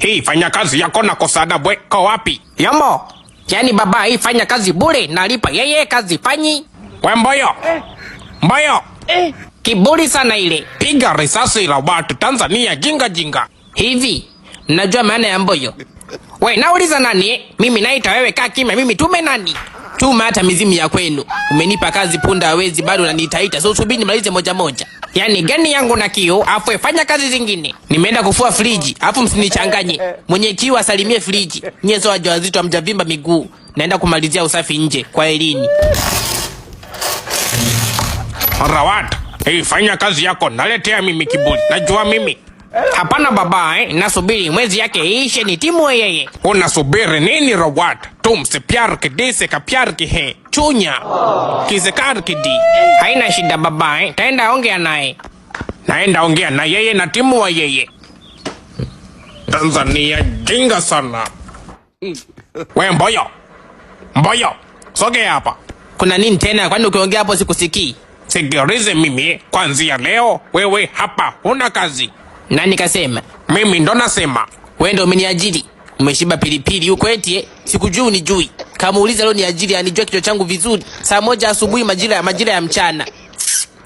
Hii fanya kazi yako na kosada bwe ko wapi? Yombo. Yaani baba hii fanya kazi bure nalipa yeye kazi fanyi. We mboyo. Eh. Mboyo. Eh. Kiburi sana ile. Piga risasi la watu Tanzania jinga jinga. Hivi najua maana ya mboyo. We nauliza nani? Mimi naita wewe, kaa kimya. Mimi tume nani? Tuma hata mizimu ya kwenu. Umenipa kazi punda hawezi, bado unaniitaita. So subiri nimalize moja moja yani gani yangu na kiu, afu fanya kazi zingine. Nimeenda kufua friji, afu msinichanganye. Mwenye kiu asalimie friji. Nyezo wajawazito hamjavimba miguu. Naenda kumalizia usafi nje kwa elini. Rawat, hey, fanya kazi yako, naletea mimi kiburi. Najua mimi. Hapana baba, eh, nasubiri mwezi yake iishe ni timu yeye. Unasubiri nini Rawat? se ke तुमसे प्यार के दे से का प्यार के है चूnya kizekar kidi haina shida baba hai eh. taenda ongea naye naenda ongea na yeye na timu wa yeye tanzania jinga sana we mboyo mboyo soge hapa kuna nini tena kwani ukiongea hapo sikusikii sigirize mimi eh. kwanzia leo wewe hapa huna kazi nani kasema mimi ndo nasema we ndo umeniajiri Umeshiba pilipili huko eti eh? Sikujui unijui. Kama leo ni ajili anijua kichwa changu vizuri. Saa moja asubuhi majira ya majira ya mchana.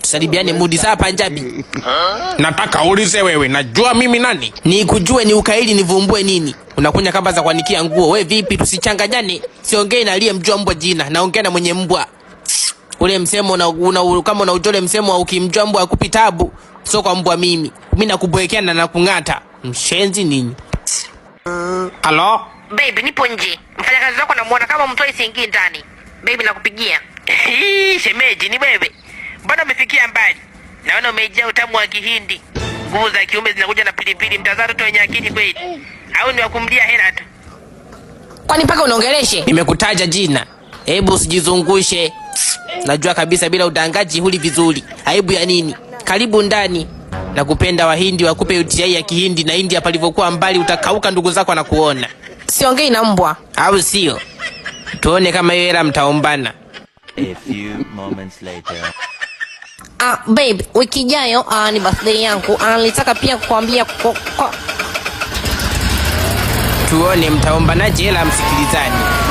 Tusalibiane mudi saa panjabi Nataka ulize wewe, najua mimi nani? ni kujue ni ukaili nivumbue nini? Unakunya kamba za kuanikia nguo. We vipi tusichanganyane? Siongei na aliyemjua mbwa jina. Naongea na mwenye mbwa. Ule msemo una, una, kama unaujole msemo wa ukimjua mbwa akupi tabu. Sio kwa mbwa mimi. Mimi nakubwekea na nakung'ata. Mshenzi nini? Halo? Baby, nipo nje. Mfanyakazi wako namuona kama mtoi siingii ndani. Babe, nakupigia. Shemeji, ni wewe. Mbona umefikia mbali? Naona umejaa utamu wa Kihindi. Nguvu za kiume zinakuja na pilipili. Mtazaa mtoto wenye akili kweli, au ni wakumlia hela tu? Kwani mpaka unaongeleshe? Nimekutaja jina, hebu usijizungushe. Najua kabisa bila udangaji huli vizuri. Aibu ya nini? Karibu ndani na kupenda Wahindi wakupe UTI ya Kihindi na India palivyokuwa mbali, utakauka ndugu zako na kuona. Siongei na mbwa, au sio? Tuone kama hiyo hela mtaombana. A few moments later. Ah, babe, wiki ijayo ah, ni birthday yangu. Ah, nilitaka ah, pia kwa. tuone mtaombanaje hela, msikilizani.